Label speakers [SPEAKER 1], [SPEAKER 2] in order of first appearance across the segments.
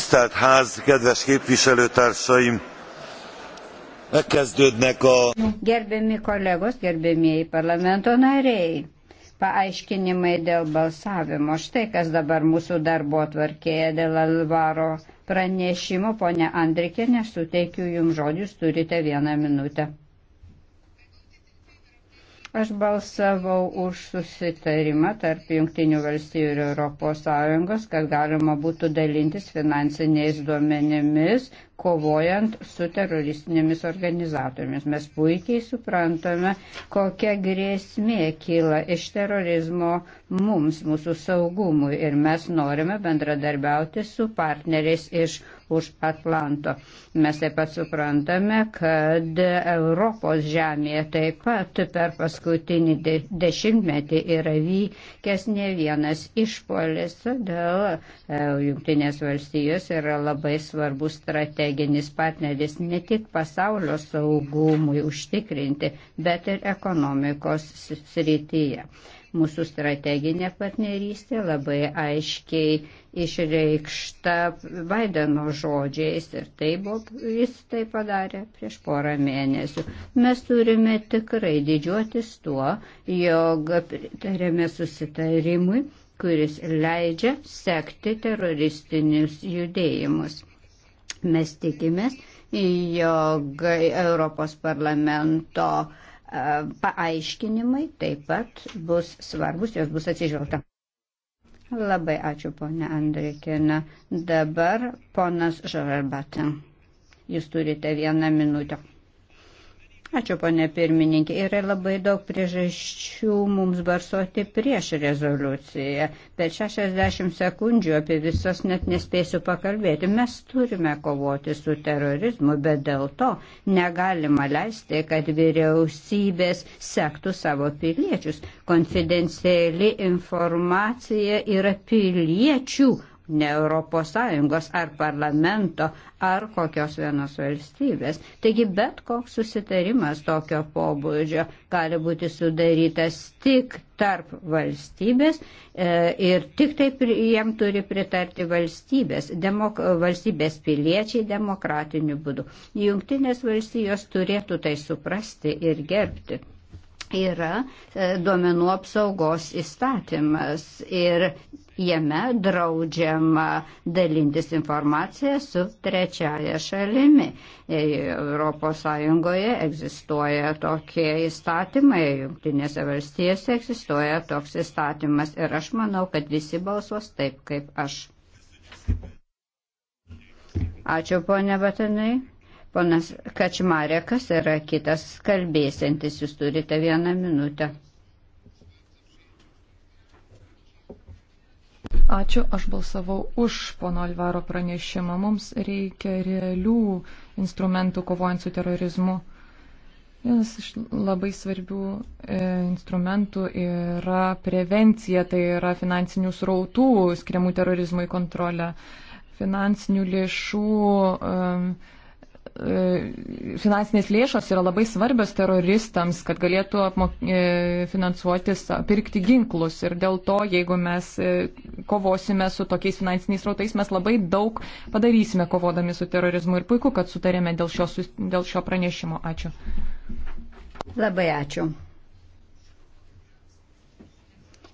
[SPEAKER 1] Tisztelt ház, kedves képviselőtársaim! Megkezdődnek a...
[SPEAKER 2] Gerbiami kolegos, gerbiamieji parlamento nariai, paaiškinimai dėl balsavimo. Štai kas dabar mūsų darbo tvarkėje dėl Alvaro pranešimo. Pone Andrikė, nesuteikiu jums žodžius, turite vieną minutę. Aš balsavau už susitarimą tarp Junktinių valstybių ir Europos Sąjungos, kad galima būtų dalintis finansiniais duomenimis, kovojant su teroristinėmis organizatoriamis. Mes puikiai suprantame, kokia grėsmė kyla iš terorizmo mums, mūsų saugumui ir mes norime bendradarbiauti su partneriais iš už Atlanto. Mes taip pat suprantame, kad Europos žemėje taip pat per paskutinį dešimtmetį yra vykęs ne vienas išpolis, todėl e, Junktinės valstijos yra labai svarbus strategija strateginis partneris ne tik pasaulio saugumui užtikrinti, bet ir ekonomikos srityje. Mūsų strateginė partnerystė labai aiškiai išreikšta Baideno žodžiais ir tai buvo, jis tai padarė prieš porą mėnesių. Mes turime tikrai didžiuotis tuo, jog tarėme susitarimui, kuris leidžia sekti teroristinius judėjimus. Mes tikimės, jog Europos parlamento e, paaiškinimai taip pat bus svarbus, jos bus atsižvelgta. Labai ačiū, ponė Andrikina. Dabar ponas Žarbatin. Jūs turite vieną minutę. Ačiū, ponė pirmininkė. Yra labai daug priežasčių mums barsoti prieš rezoliuciją. Per 60 sekundžių apie visas net nespėsiu pakalbėti. Mes turime kovoti su terorizmu, bet dėl to negalima leisti, kad vyriausybės sektų savo piliečius. Konfidenciali informacija yra piliečių ne ES ar parlamento ar kokios vienos valstybės. Taigi bet koks susitarimas tokio pobūdžio gali būti sudarytas tik tarp valstybės e, ir tik taip jiem turi pritarti valstybės, demok, valstybės piliečiai demokratiniu būdu. Jungtinės valstijos turėtų tai suprasti ir gerbti yra e, duomenų apsaugos įstatymas ir jame draudžiama dalintis informaciją su trečiaja šalimi. ES egzistuoja tokie įstatymai, Junktinėse valstijose egzistuoja toks įstatymas ir aš manau, kad visi balsuos taip kaip aš. Ačiū, ponia Batanai. Ponas Kačmarekas yra kitas kalbėsiantis, jūs turite vieną minutę. Ačiū,
[SPEAKER 3] aš balsavau už pono Alvaro pranešimą. Mums reikia realių instrumentų kovojant su terorizmu. Vienas iš labai svarbių e, instrumentų yra prevencija, tai yra finansinių srautų skiriamų terorizmui kontrolę, finansinių lėšų. E, E, finansinės lėšos yra labai svarbios teroristams, kad galėtų apmok... E, finansuoti, pirkti ginklus. Ir dėl to, jeigu mes e, kovosime su tokiais finansiniais rautais, mes labai daug padarysime kovodami su terorizmu. Ir puiku, kad sutarėme dėl šio, dėl šio pranešimo. Ačiū.
[SPEAKER 2] Labai ačiū.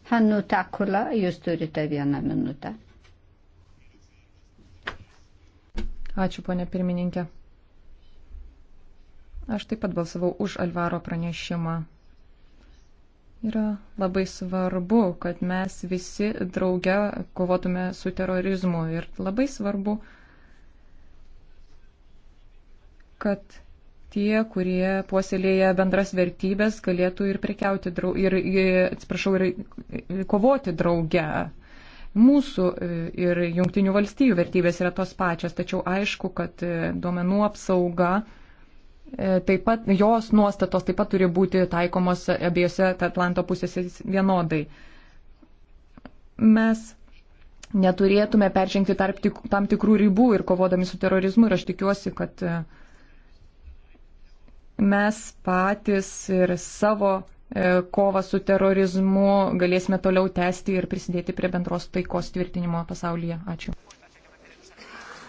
[SPEAKER 2] Hannu Takula, jūs turite vieną minutę. Ačiū, ponė pirmininkė.
[SPEAKER 3] Aš taip pat balsavau už Alvaro pranešimą. Yra labai svarbu, kad mes visi drauge kovotume su terorizmu ir labai svarbu, kad tie, kurie puoselėja bendras vertybės, galėtų ir prekiauti, drau, ir, atsiprašau, ir kovoti drauge. Mūsų e, ir jungtinių valstybių vertybės yra tos pačios, tačiau aišku, kad e, duomenų apsauga E, taip pat jos nuostatos taip pat turi būti taikomos abiejose Atlanto pusėse vienodai. Mes neturėtume peržengti tarp tik, tam tikrų ribų ir kovodami su terorizmu ir aš tikiuosi, kad e, mes patys ir savo e, kovą su terorizmu galėsime toliau tęsti ir prisidėti prie bendros taikos tvirtinimo
[SPEAKER 2] pasaulyje. Ačiū.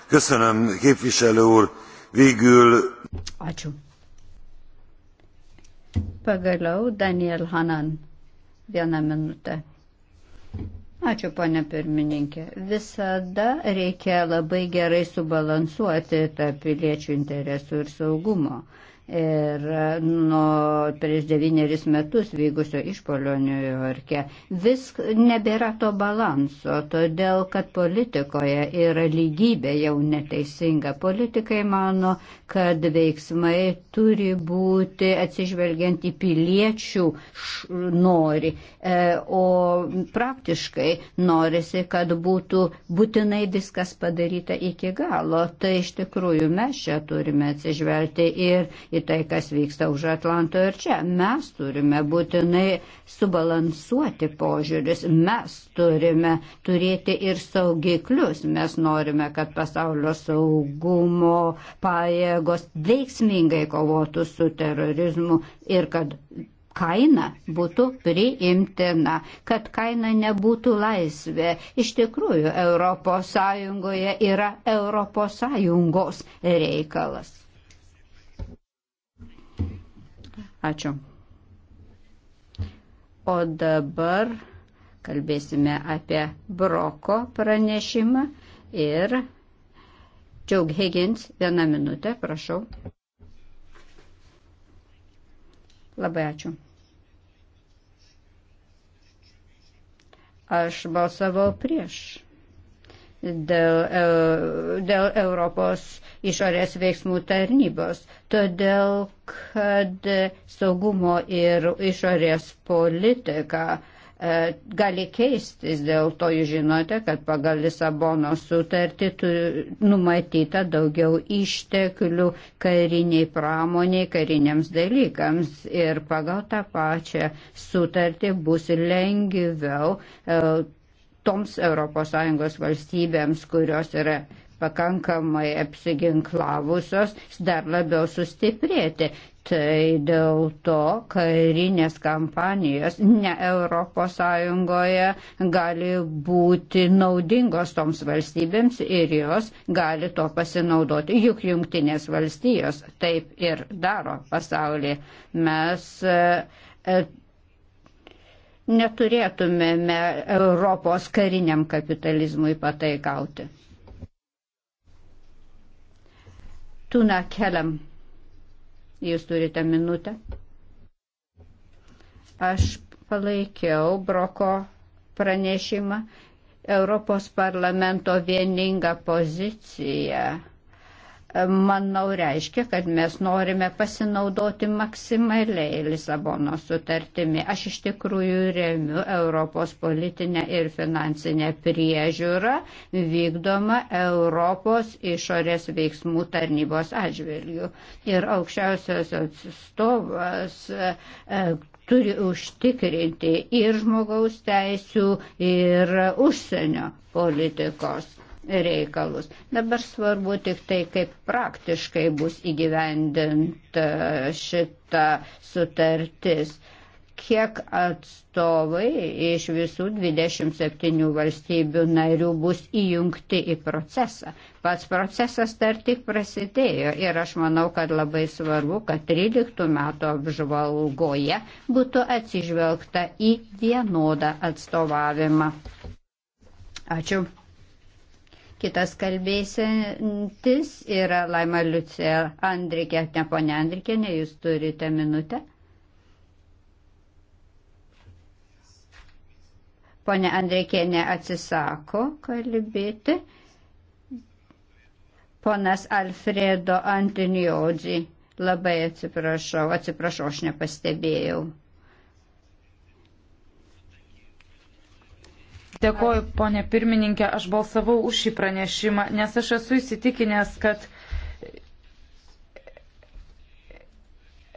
[SPEAKER 1] Köszönöm, képviselő úr!
[SPEAKER 2] Végül... Ačiū. Pagaliau Daniel Hanan. Vieną minutę. Ačiū, ponė pirmininkė. Visada reikia labai gerai subalansuoti tą piliečių interesų ir saugumo ir nuo prieš devynerius metus vykusio išpolio New York'e. Vis nebėra to balanso, todėl kad politikoje yra lygybė jau neteisinga. Politikai mano, kad veiksmai turi būti atsižvelgiant į piliečių nori, e, o praktiškai norisi, kad būtų būtinai viskas padaryta iki galo. Tai iš tikrųjų mes čia turime atsižvelgti ir į tai, kas vyksta už Atlanto ir čia. Mes turime būtinai subalansuoti požiūris, mes turime turėti ir saugiklius, mes norime, kad pasaulio saugumo pajėgos veiksmingai kovotų su terorizmu ir kad kaina būtų priimtina, kad kaina nebūtų laisvė. Iš tikrųjų, ES yra ES reikalas. Ačiū. O dabar kalbėsime apie Broko pranešimą ir Džiaug Higgins, vieną minutę, prašau. Labai ačiū. Aš balsavau prieš dėl, e, dėl Europos išorės veiksmų tarnybos, todėl kad saugumo ir išorės politika e, gali keistis, dėl to jūs žinote, kad pagal Lisabono sutartį numatyta daugiau išteklių kariniai pramoniai, kariniams dalykams ir pagal tą pačią sutartį bus lengviau e, toms ES valstybėms, kurios yra pakankamai apsiginklavusios, dar labiau sustiprėti. Tai dėl to karinės kampanijos ne ES gali būti naudingos toms valstybėms ir jos gali to pasinaudoti. Juk jungtinės valstijos taip ir daro pasaulyje. Mes e, neturėtumėme Europos kariniam kapitalizmui pataikauti. Tuna Keliam, jūs turite minutę. Aš palaikiau Broko pranešimą Europos parlamento vieningą poziciją manau, reiškia, kad mes norime pasinaudoti maksimaliai Lisabono sutartimi. Aš iš tikrųjų remiu Europos politinę ir finansinę priežiūrą vykdomą Europos išorės veiksmų tarnybos atžvilgių. Ir aukščiausias atstovas e, turi užtikrinti ir žmogaus teisų, ir užsienio politikos reikalus. Dabar svarbu tik tai, kaip praktiškai bus įgyvendinta šita sutartis kiek atstovai iš visų 27 valstybių narių bus įjungti į procesą. Pats procesas dar tik prasidėjo ir aš manau, kad labai svarbu, kad 13 metų apžvalgoje būtų atsižvelgta į vienodą atstovavimą. Ačiū. Kitas kalbėsintis yra Laima Liucija Andrikė. Ne, ponia Andrikė, ne, jūs turite minutę. Pone Andrikėnė atsisako kalbėti. Ponas Alfredo Antiniodži, labai atsiprašau, atsiprašau, aš nepastebėjau. Dėkoju, ponė pirmininkė,
[SPEAKER 4] aš balsavau už šį pranešimą, nes aš esu įsitikinęs, kad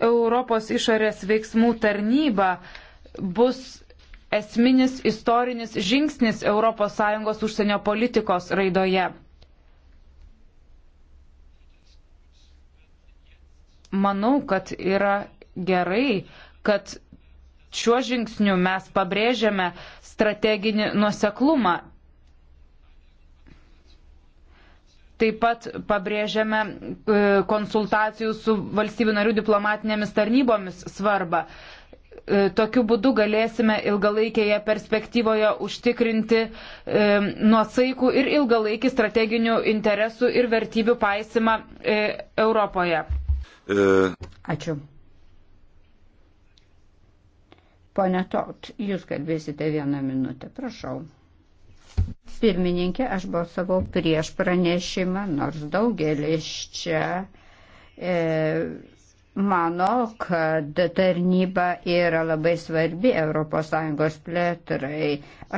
[SPEAKER 4] Europos išorės veiksmų tarnyba bus esminis istorinis žingsnis ES užsienio politikos raidoje. Manau, kad yra gerai, kad šiuo žingsniu mes pabrėžiame strateginį nuseklumą. Taip pat pabrėžiame e, konsultacijų su valstybių narių diplomatinėmis tarnybomis svarbą. E, tokiu būdu galėsime ilgalaikėje perspektyvoje užtikrinti e, nuosaikų ir ilgalaikį strateginių interesų ir vertybių paisimą e, Europoje.
[SPEAKER 2] E... Ačiū. Pone Tot, jūs kalbėsite vieną minutę, prašau. Pirmininkė, aš balsavau prieš pranešimą, nors daugelis čia e, mano, kad tarnyba yra labai svarbi ES plėtrai.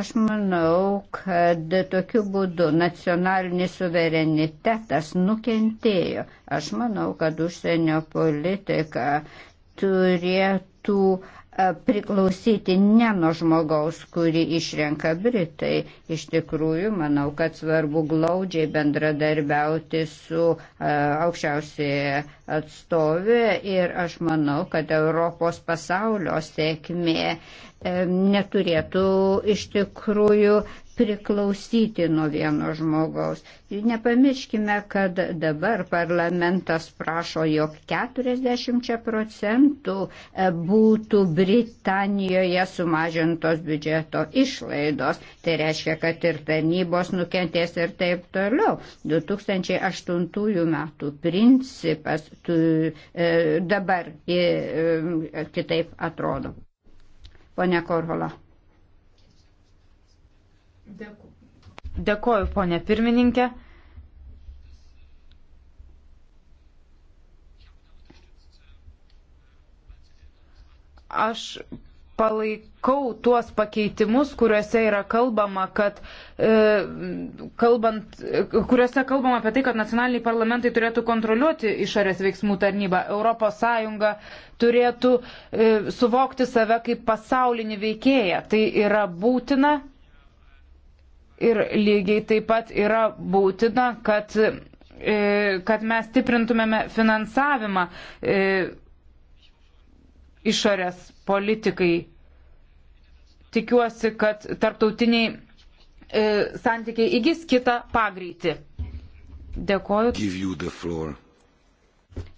[SPEAKER 2] Aš manau, kad tokiu būdu nacionalinis suverenitetas nukentėjo. Aš manau, kad užsienio politika turėtų priklausyti ne nuo žmogaus, kurį išrenka Britai. Iš tikrųjų, manau, kad svarbu glaudžiai bendradarbiauti su aukščiausiai atstovė ir aš manau, kad Europos pasaulio sėkmė neturėtų iš tikrųjų priklausyti nuo vieno žmogaus. Ir nepamirškime, kad dabar parlamentas prašo, jog 40 procentų būtų Britanijoje sumažintos biudžeto išlaidos. Tai reiškia, kad ir tarnybos nukentės ir taip toliau. 2008 metų principas tu, e, dabar e, e kitaip atrodo. Pone Korhola.
[SPEAKER 4] Dėku. Dėkoju, ponė pirmininkė. Aš palaikau tuos pakeitimus, kuriuose yra kalbama, kad, e, kalbant, kuriuose kalbama apie tai, kad nacionaliniai parlamentai turėtų kontroliuoti išorės veiksmų tarnybą. ES turėtų e, suvokti save kaip pasaulinį veikėją. Tai yra būtina Ir lygiai taip pat yra būtina, kad, e, kad mes stiprintumėme finansavimą e, išorės politikai. Tikiuosi, kad tarptautiniai e, santykiai įgis kitą pagreitį.
[SPEAKER 1] Dėkoju.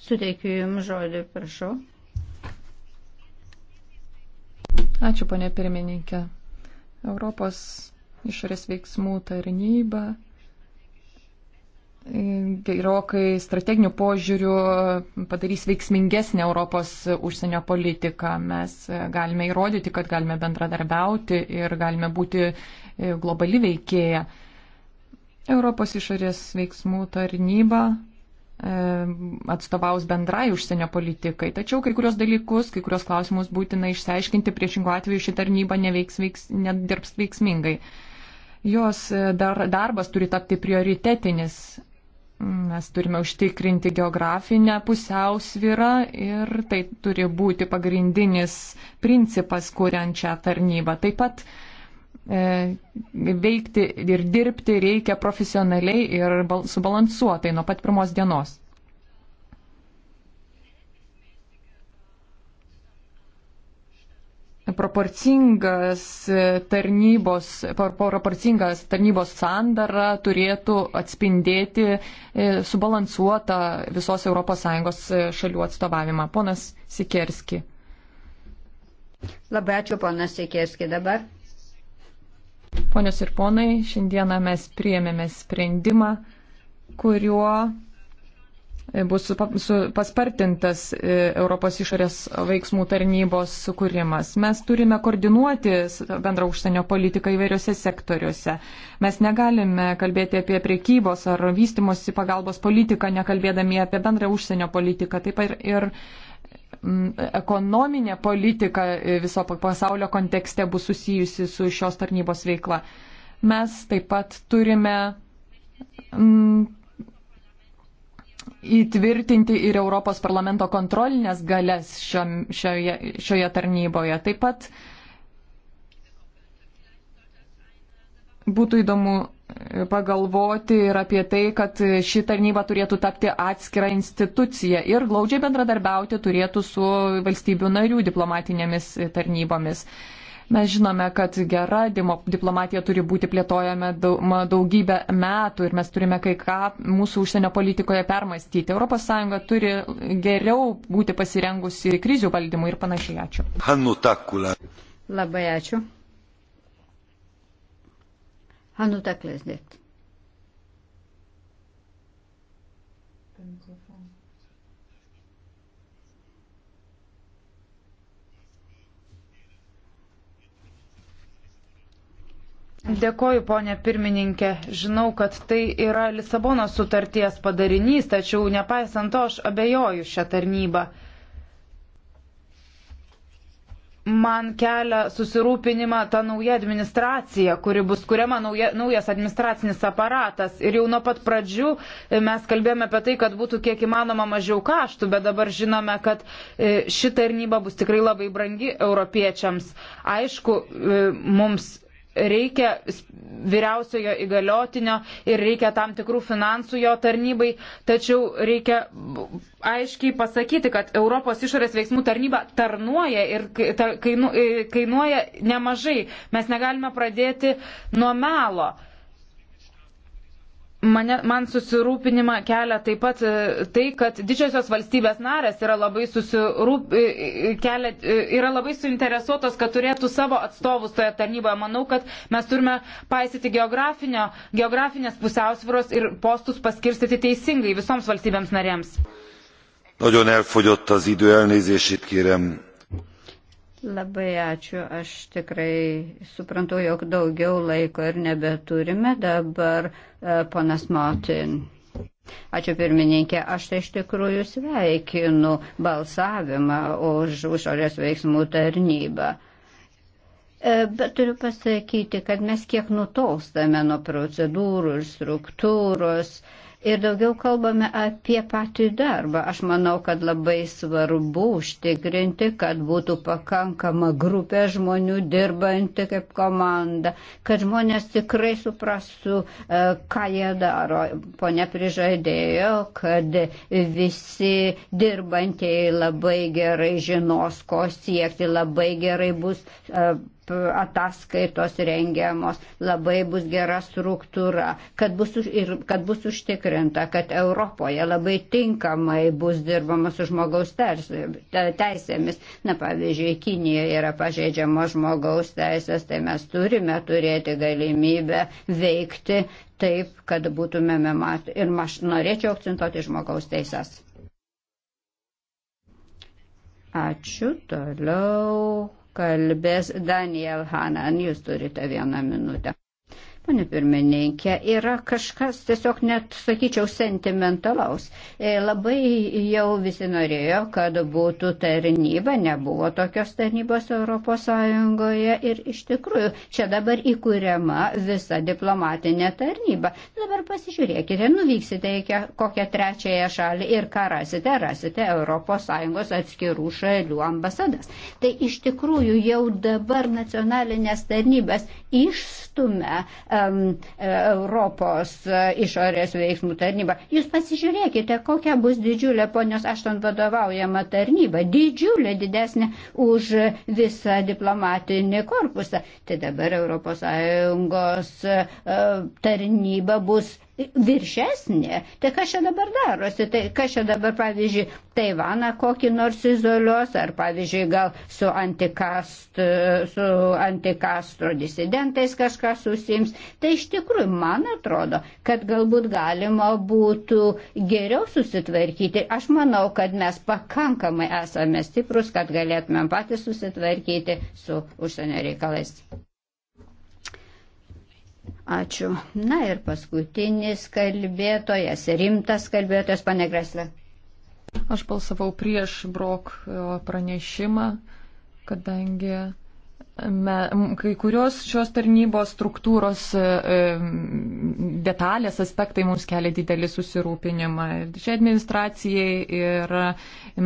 [SPEAKER 2] Suteikiu Jums žodį, prašau.
[SPEAKER 3] Ačiū, ponė pirmininkė. Europos išorės veiksmų tarnyba gerokai strateginių požiūrių padarys veiksmingesnę Europos užsienio politiką. Mes galime įrodyti, kad galime bendradarbiauti ir galime būti e, globali veikėja. Europos išorės veiksmų tarnyba e, atstovaus bendrai užsienio politikai. Tačiau kai kurios dalykus, kai kurios klausimus būtina išsiaiškinti, priešingų atveju ši tarnyba neveiks, veiks, nedirbs veiksmingai. Veiks, jos e, dar, darbas turi tapti prioritetinis. Mes turime užtikrinti geografinę pusiausvyrą ir tai turi būti pagrindinis principas, kuriant šią tarnybą. Taip pat e, veikti ir dirbti reikia profesionaliai ir subalansuotai nuo pat pirmos dienos. proporcingas tarnybos, proporcingas tarnybos sandara turėtų atspindėti e, subalansuotą visos ES e, šalių atstovavimą. Ponas Sikerski.
[SPEAKER 2] Labai ačiū, ponas Sikerski, dabar.
[SPEAKER 3] Ponios ir ponai, šiandieną mes priėmėme sprendimą, kuriuo bus paspartintas e, Europos išorės veiksmų tarnybos sukūrimas. Mes turime koordinuoti bendrą užsienio politiką įvairiose sektoriuose. Mes negalime kalbėti apie priekybos ar vystimosi pagalbos politiką, nekalbėdami apie bendrą užsienio politiką. Taip ir, ir ekonominė politika e, viso pasaulio kontekste bus susijusi su šios tarnybos veikla. Mes taip pat turime įtvirtinti ir Europos parlamento kontrolinės galės šiom, šioje, šioje tarnyboje. Taip pat būtų įdomu e, pagalvoti ir apie tai, kad ši tarnyba turėtų tapti atskirą instituciją ir glaudžiai bendradarbiauti turėtų su valstybių narių diplomatinėmis tarnybomis. Uh, Mes žinome, kad gera diplomatija turi būti plėtojama daugybę metų ir mes turime kai ką mūsų užsienio politikoje permastyti. ES turi geriau būti pasirengusi krizių valdymui ir panašiai. Ačiū.
[SPEAKER 1] Hannu Takula.
[SPEAKER 2] Labai ačiū. Hannu Taklės dėt.
[SPEAKER 4] Dėkoju, ponė pirmininkė. Žinau, kad tai yra Lisabono sutarties padarinys, tačiau nepaisant to aš abejoju šią tarnybą. Man kelia susirūpinimą ta nauja administracija, kuri bus kuriama nauja, naujas administracinis aparatas. Ir jau nuo pat pradžių mes kalbėjome apie tai, kad būtų kiek įmanoma mažiau kaštų, bet dabar žinome, kad e, ši tarnyba bus tikrai labai brangi europiečiams. Aišku, e, mums reikia vyriausiojo įgaliotinio ir reikia tam tikrų finansų jo tarnybai, tačiau reikia aiškiai pasakyti, kad Europos išorės veiksmų tarnyba tarnuoja ir kainu, kainuoja nemažai. Mes negalime pradėti nuo melo. Mane, man susirūpinimą kelia taip pat e, tai, kad didžiosios valstybės narės yra labai, susirūp, e, e, kelia, yra labai suinteresuotos, kad turėtų savo atstovus toje tarnyboje. Manau, kad mes turime paisyti geografinės pusiausvyros ir postus paskirstyti teisingai visoms valstybėms narėms.
[SPEAKER 1] Nagyon elfogyott az idő, elnézését kérem
[SPEAKER 2] Labai ačiū. Aš tikrai suprantu, jog daugiau laiko ir nebeturime. Dabar e, ponas Motin. Ačiū pirmininkė, aš tai iš tikrųjų sveikinu balsavimą už užorės veiksmų tarnybą. E, bet turiu pasakyti, kad mes kiek nutolstame nuo procedūrų ir struktūros. Uh, ir daugiau kalbame apie patį darbą. Aš manau, kad labai svarbu užtikrinti, kad būtų pakankama grupė žmonių dirbanti kaip komanda, kad žmonės tikrai suprastų, e, ką jie daro. Pone prižadėjo, kad visi dirbantieji labai gerai žinos, ko siekti, labai gerai bus e, ataskaitos rengiamos, labai bus gera struktūra, kad bus, už, ir, kad bus užtikrinta, kad Europoje labai tinkamai bus dirbama su žmogaus teisėmis. Na, pavyzdžiui, Kinijoje yra pažeidžiamos žmogaus teisės, tai mes turime turėti galimybę veikti taip, kad būtumėme matę. Ir aš norėčiau akcentuoti žmogaus teisės. Ačiū toliau kalbės Daniel Hanan. Jūs turite vieną minutę. Pane pirmininkė, yra kažkas tiesiog net, sakyčiau, sentimentalaus. E, labai jau visi norėjo, kad būtų tarnyba, nebuvo tokios tarnybos ES ir iš tikrųjų čia dabar įkūriama visa diplomatinė tarnyba. Dabar pasižiūrėkite, nuvyksite į kokią trečiąją šalį ir ką rasite, rasite ES atskirų šalių ambasadas. Tai iš tikrųjų jau dabar nacionalinės tarnybės išstumia E, Europos išorės veiksmų tarnyba. Jūs pasižiūrėkite, kokia bus didžiulė ponios Ašton vadovaujama tarnyba. Didžiulė, didesnė už visą diplomatinį korpusą. Tai dabar ES e, tarnyba bus viršesnė. Tai kas čia dabar darosi? Tai kas čia dabar, pavyzdžiui, Taivaną kokį nors izoliuos, ar pavyzdžiui, gal su, antikast, su antikastro disidentais kažkas susims. Tai iš tikrųjų, man atrodo, kad galbūt galima būtų geriau susitvarkyti. Aš manau, kad mes pakankamai esame stiprus, kad galėtumėm patys susitvarkyti su užsienio reikalais. Ačiū. Na ir paskutinis kalbėtojas, rimtas kalbėtojas, panegreslė. Aš balsavau prieš
[SPEAKER 3] Brok e, pranešimą, kadangi me, kai kurios šios tarnybos struktūros e, detalės aspektai mums kelia didelį susirūpinimą. Šiai administracijai yra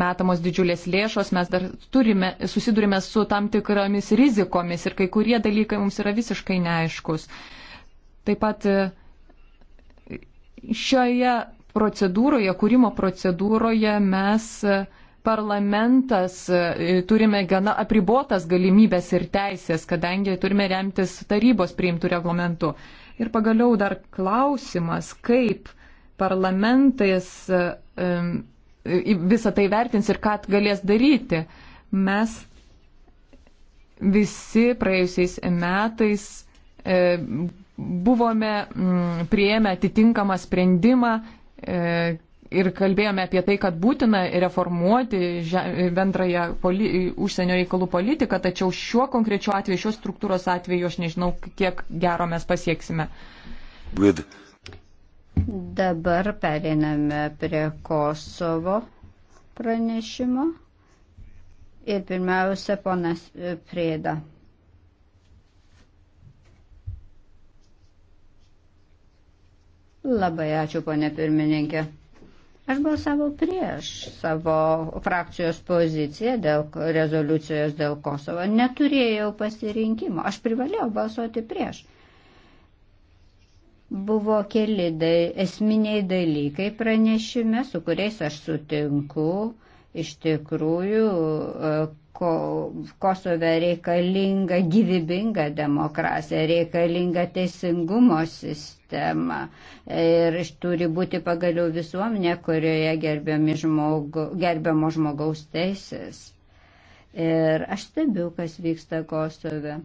[SPEAKER 3] metamos didžiulės lėšos, mes dar turime, susidurime su tam tikromis rizikomis ir kai kurie dalykai mums yra visiškai neaiškus. Uh, Taip pat e, šioje procedūroje, kūrimo procedūroje mes e, parlamentas e, turime gana apribotas galimybės ir teisės, kadangi turime remtis tarybos priimtų reglamentų. Ir pagaliau dar klausimas, kaip parlamentais visą tai vertins ir ką galės daryti. Mes visi praėjusiais metais buvome mm, prieėmę atitinkamą sprendimą e, ir kalbėjome apie tai, kad būtina reformuoti bendrąją poli, užsienio reikalų politiką, tačiau šiuo konkrečiu atveju, šios struktūros atveju aš nežinau, kiek gero mes pasieksime.
[SPEAKER 1] With.
[SPEAKER 2] Dabar periname prie Kosovo pranešimo. Ir pirmiausia, ponas Prėda. Labai ačiū, ponė pirmininkė. Aš balsavau prieš savo frakcijos poziciją dėl rezoliucijos dėl Kosovo. Neturėjau pasirinkimo. Aš privalėjau balsuoti prieš. Buvo keli dai, esminiai dalykai pranešime, su kuriais aš sutinku. Iš tikrųjų, e, ko, Kosove reikalinga gyvybinga demokratija, reikalinga teisingumo sistema sistemą. Ir turi būti pagaliau visuomenė, kurioje žmogu, gerbiamo žmogaus teisės. Ir aš stebiu, kas vyksta Kosove.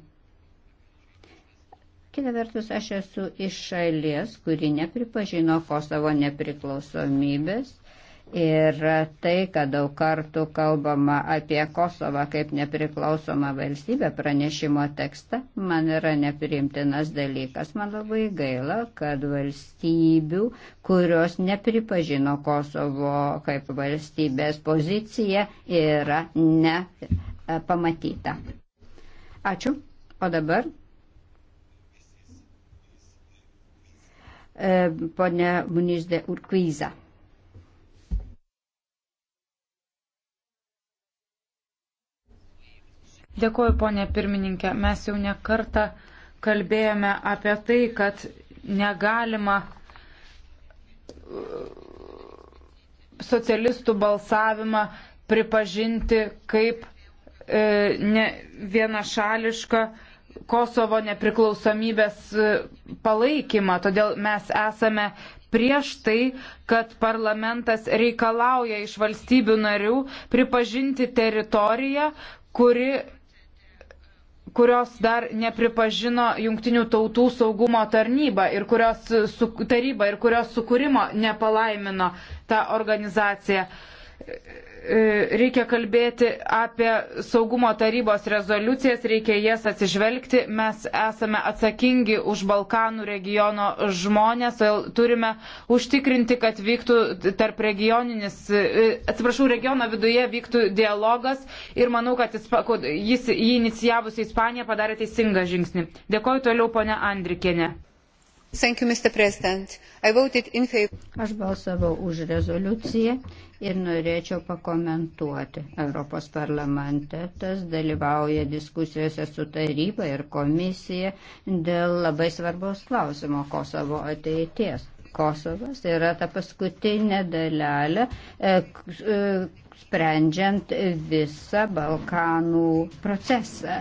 [SPEAKER 2] Kita vertus, aš esu iš šalies, kuri nepripažino Kosovo nepriklausomybės Ir tai, kad daug kartų kalbama apie Kosovą kaip nepriklausomą valstybę pranešimo tekste, man yra nepriimtinas dalykas. Man labai gaila, kad valstybių, kurios nepripažino Kosovo kaip valstybės pozicija, yra nepamatyta. Ačiū. O dabar e, ponė Munizde Urkvyza.
[SPEAKER 4] Dėkuoju, ponė pirmininkė. Mes jau nekartą kalbėjome apie tai, kad negalima uh, socialistų balsavimą pripažinti kaip e, ne, vienašališką Kosovo nepriklausomybės uh, palaikymą. Todėl mes esame prieš tai, kad parlamentas reikalauja iš valstybių narių pripažinti teritoriją, kuri kurios dar nepripažino jungtinių tautų saugumo tarnyba ir kurios, su, taryba ir kurios sukūrimo nepalaimino tą organizaciją. E, reikia kalbėti apie saugumo tarybos rezoliucijas, reikia jas atsižvelgti. Mes esame atsakingi už Balkanų regiono žmonės, turime užtikrinti, kad vyktų tarp regioninis, e, atsiprašau, regiono viduje vyktų dialogas ir manau, kad jis, jis jį inicijavusi Ispanija padarė teisingą žingsnį. Dėkoju toliau, ponia Andrikėne.
[SPEAKER 2] You, Aš balsavau už rezoliuciją ir norėčiau pakomentuoti. Europos parlamentas dalyvauja diskusijose su taryba ir komisija dėl labai svarbaus klausimo Kosovo ateities. Kosovas yra ta paskutinė dalelė, e, e, sprendžiant visą Balkanų procesą.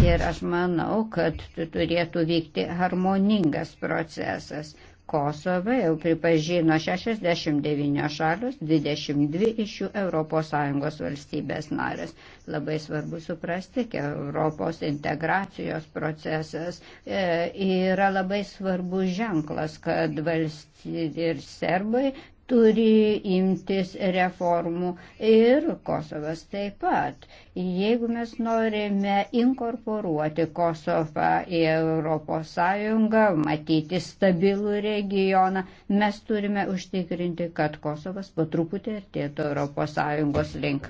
[SPEAKER 2] Ir aš manau, kad turėtų vykti harmoningas procesas. Kosovą jau pripažino 69 šalis, 22 iš jų ES valstybės narės. Labai svarbu suprasti, kad Europos integracijos procesas e, yra labai svarbus ženklas, kad valstybė ir serbai turi imtis reformų ir Kosovas taip pat. Jeigu mes norime inkorporuoti Kosovą į ES, matyti stabilų regioną, mes turime užtikrinti, kad Kosovas po truputį artėtų ES link.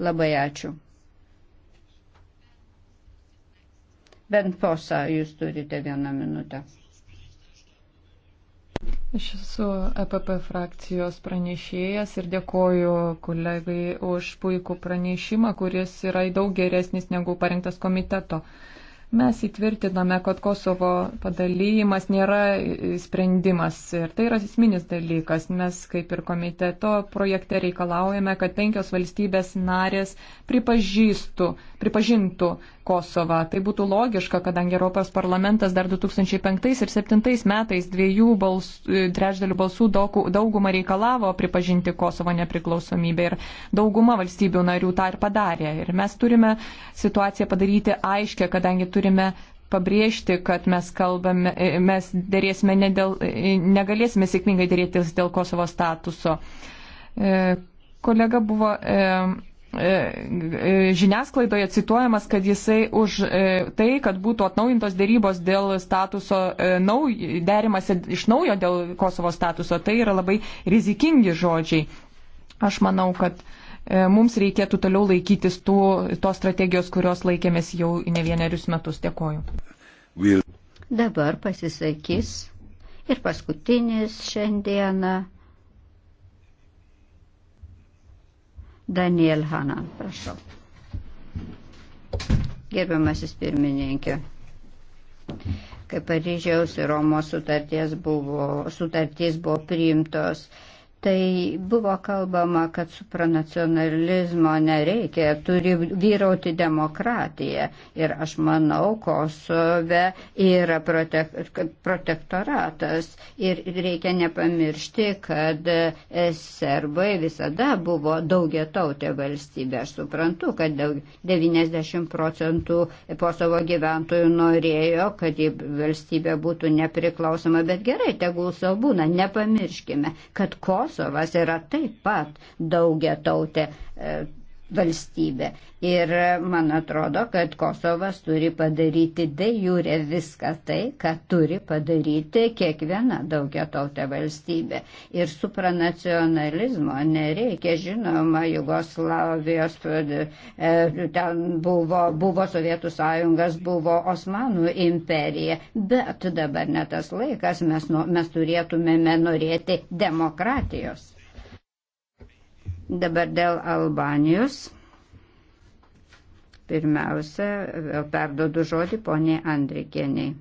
[SPEAKER 2] Labai ačiū. Bent posą jūs turite vieną minutę.
[SPEAKER 3] Aš esu EPP frakcijos pranešėjas ir dėkoju kolegai už puikų pranešimą, kuris yra daug geresnis negu parengtas komiteto. Mes įtvirtiname, kad Kosovo padalymas nėra sprendimas ir tai yra esminis dalykas. Mes kaip ir komiteto projekte reikalaujame, kad penkios valstybės narės pripažįstų, pripažintų Kosovą. Tai būtų logiška, kadangi Europos parlamentas dar 2005 ir 2007 metais dviejų bals, e, trečdalių balsų daugumą reikalavo pripažinti Kosovo nepriklausomybę ir dauguma valstybių narių tą ir padarė. Ir mes turime situaciją padaryti aiškę, kadangi turime pabrėžti, kad mes kalbame, e, mes dėrėsime ne dėl, e, negalėsime sėkmingai dėrėtis dėl Kosovo statuso. Kolega buvo E, e, žiniasklaidoje cituojamas, kad jisai už e, tai, kad būtų atnaujintos dėrybos dėl statuso, nauj, derimasi iš naujo dėl Kosovo statuso, tai yra labai rizikingi žodžiai. Aš manau, kad mums reikėtų toliau laikytis tų, tos strategijos, kurios laikėmės jau ne
[SPEAKER 2] vienerius metus. Dėkoju. Dabar pasisakys ir paskutinis šiandieną Daniel Hanan, prašau. Gerbiamasis pirmininkė, kai Paryžiaus ir Romos sutarties buvo, sutartys buvo priimtos, tai buvo kalbama, kad supranacionalizmo nereikia, turi vyrauti demokratija. Ir aš manau, Kosove yra protek protektoratas. Ir reikia nepamiršti, kad e, serbai visada buvo daugia tautė valstybė. Aš suprantu, kad 90 procentų Kosovo gyventojų norėjo, kad valstybė būtų nepriklausoma, bet gerai, tegul savo būna. Nepamirškime, kad Kosovo Kosovas yra taip pat daugia tautė e, valstybė. Ir man atrodo, kad Kosovas turi padaryti de jūre viską tai, ką turi padaryti kiekviena daugia tautė valstybė. Ir supranacionalizmo nereikia, žinoma, Jugoslavijos e, ten buvo, buvo Sovietų sąjungas, buvo Osmanų imperija, bet dabar ne tas laikas, mes, nu, mes turėtumėme norėti demokratijos. Dabar dėl Albanijos. Pirmiausia, vėl perdodu žodį poniai Andrikieniai.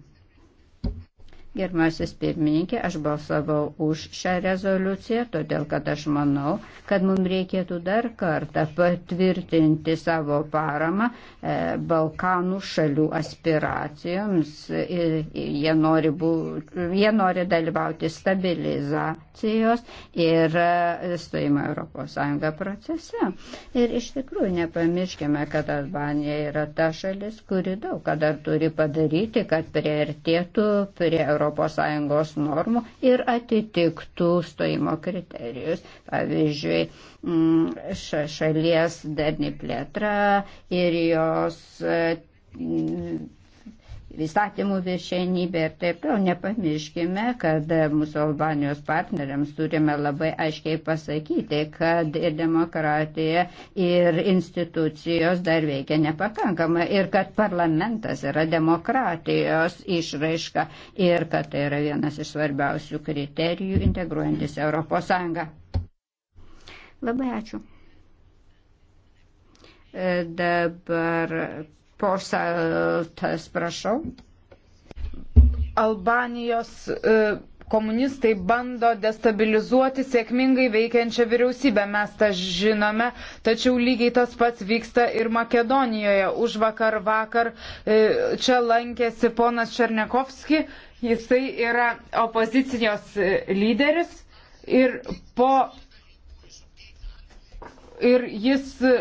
[SPEAKER 2] Gerbiamasis pirmininkė, aš balsavau už šią rezoliuciją, todėl kad aš manau, kad mums reikėtų dar kartą patvirtinti savo paramą e, Balkanų šalių aspiracijoms. Ir, e, e, jie, nori bu, jie nori dalyvauti stabilizacijos ir e, stojimo ES procese. Ir iš tikrųjų nepamirškime, kad Albanija yra ta šalis, kuri daug ką dar turi padaryti, kad priartėtų prie ES ES normų ir atitiktų stojimo kriterijus. Pavyzdžiui, mm, šalies darni plėtra ir jos mm, įstatymų viršenybė ir taip toliau. Nepamirškime, kad mūsų Albanijos partneriams turime labai aiškiai pasakyti, kad ir demokratija, ir institucijos dar veikia nepakankamai ir kad parlamentas yra demokratijos išraiška ir kad tai yra vienas iš svarbiausių kriterijų integruojantis Europos Sąjungą. Labai ačiū. E, dabar Porsaltas, prašau. Albanijos e,
[SPEAKER 4] komunistai bando destabilizuoti sėkmingai veikiančią vyriausybę, mes tą žinome, tačiau lygiai tas pats vyksta ir Makedonijoje. Už vakar vakar e, čia lankėsi ponas Černekovski, jisai yra opozicijos e, lyderis ir po ir jis e,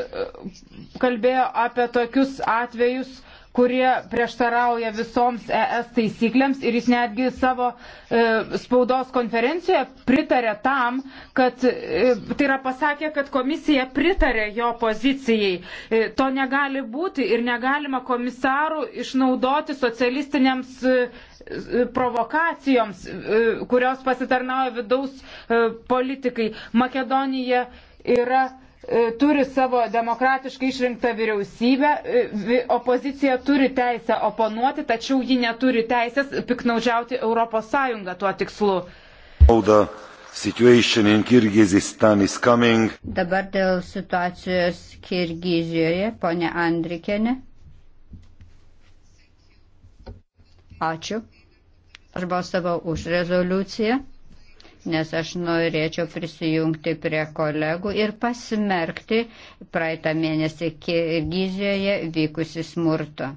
[SPEAKER 4] kalbėjo apie tokius atvejus, kurie prieštarauja visoms ES taisyklėms ir jis netgi savo e, spaudos konferencijoje pritarė tam, kad e, tai yra pasakė, kad komisija pritarė jo pozicijai. E, to negali būti ir negalima komisarų išnaudoti socialistinėms e, e provokacijoms, e, kurios pasitarnauja vidaus e, politikai. Makedonija yra E, turi savo demokratiškai išrinktą vyriausybę, e, opozicija turi teisę oponuoti, tačiau ji neturi teisės piknaudžiauti ES tuo tikslu.
[SPEAKER 2] Dabar dėl situacijos Kirgizijoje, ponė Andrikėne. Ačiū. Aš balsavau už rezoliuciją nes aš norėčiau prisijungti prie kolegų ir pasmerkti praeitą mėnesį Kirgizijoje vykusi smurto.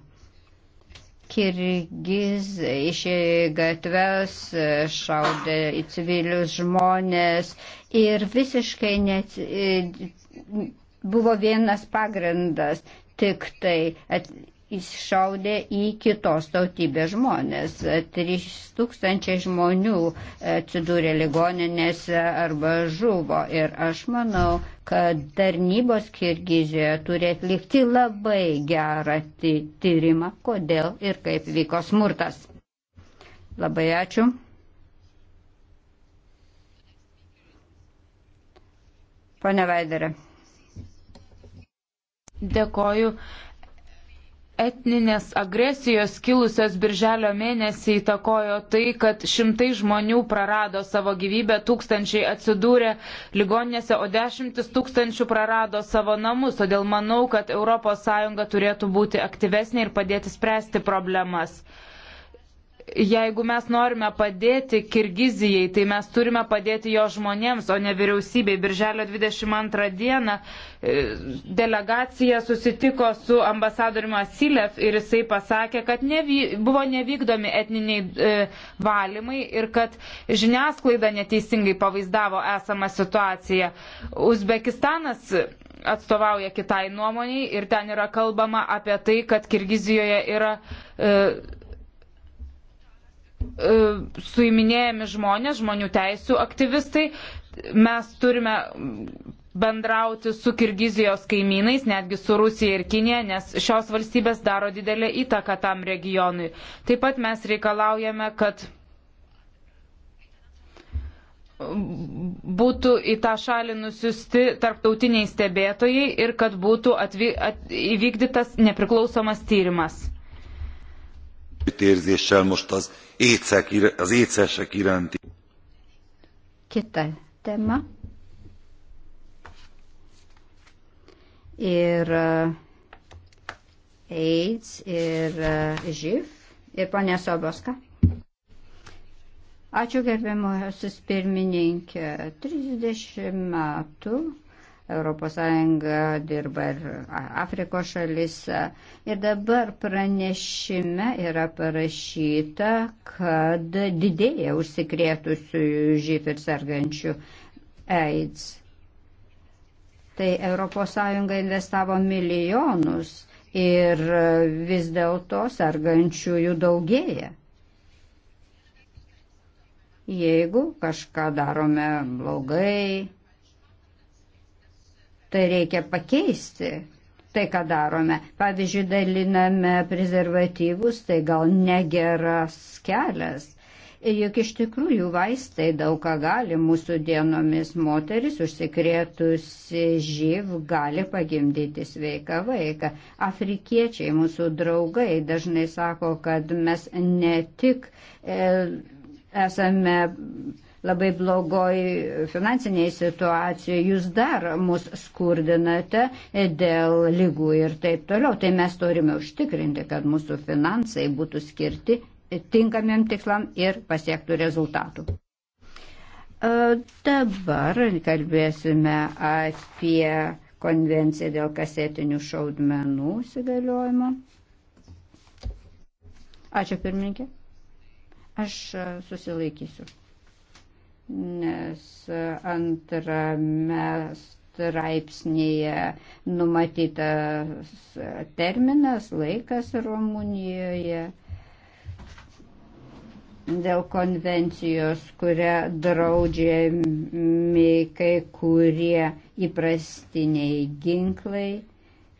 [SPEAKER 2] Kirgizai išėjo į gatves, šaudė į civilius žmonės ir visiškai net e, buvo vienas pagrindas tik tai at, iššaudė į kitos tautybės žmonės. 3000 žmonių e, atsidūrė ligoninėse arba žuvo. Ir aš manau, kad tarnybos Kirgizijoje turi atlikti labai gerą tyrimą, kodėl ir kaip vyko smurtas. Labai ačiū. Pane Vaidarė.
[SPEAKER 4] Dėkoju etninės agresijos kilusios birželio mėnesį įtakojo tai, kad šimtai žmonių prarado savo gyvybę, tūkstančiai atsidūrė ligoninėse, o dešimtis tūkstančių prarado savo namus. Todėl manau, kad ES turėtų būti aktyvesnė ir padėti spręsti problemas jeigu mes norime padėti Kirgizijai, tai mes turime padėti jo žmonėms, o ne vyriausybei. Birželio 22 dieną e, delegacija susitiko su ambasadoriumi Asilev ir jisai pasakė, kad nevy, buvo nevykdomi etniniai e, valymai ir kad žiniasklaida neteisingai pavaizdavo esamą situaciją. Uzbekistanas atstovauja kitai nuomoniai ir ten yra kalbama apie tai, kad Kirgizijoje yra e, E, suiminėjami žmonės, žmonių teisų aktyvistai. Mes turime bendrauti su Kirgizijos kaimynais, netgi su Rusija ir Kinė, nes šios valstybės daro didelę įtaką tam regionui. Taip pat mes reikalaujame, kad būtų į tą šalį nusiusti tarptautiniai stebėtojai ir kad būtų atvi, at, įvykdytas nepriklausomas tyrimas
[SPEAKER 1] együttérzéssel most az, écek, az écesek iránti.
[SPEAKER 2] Kita tema. Ir AIDS, ir živ, ir ponė Soboska. Ačiū gerbiamojasis pirmininkė. 30 metų ES dirba ir Afrikos šalise. Ir dabar pranešime yra parašyta, kad didėja užsikrėtusių živ ir sergančių AIDS. Tai ES investavo milijonus ir vis dėlto sergančiųjų daugėja. Jeigu kažką darome blogai, Tai reikia pakeisti tai, ką darome. Pavyzdžiui, daliname prezervatyvus, tai gal negeras kelias. Ir juk iš tikrųjų vaistai daug ką gali. Mūsų dienomis moteris užsikrėtusi živ gali pagimdyti sveiką vaiką. Afrikiečiai, mūsų draugai, dažnai sako, kad mes ne tik e, esame labai blogoj finansiniai situacijoje, jūs dar mus skurdinate dėl lygų ir taip toliau. Tai mes turime užtikrinti, kad mūsų finansai būtų skirti tinkamiem tikslam ir pasiektų rezultatų. E, dabar kalbėsime apie konvenciją dėl kasetinių šaudmenų įsigaliojimo. Ačiū pirmininkė. Aš susilaikysiu nes antrame straipsnėje numatytas terminas, laikas Rumunijoje dėl konvencijos, kuria draudžiami kai kurie įprastiniai ginklai,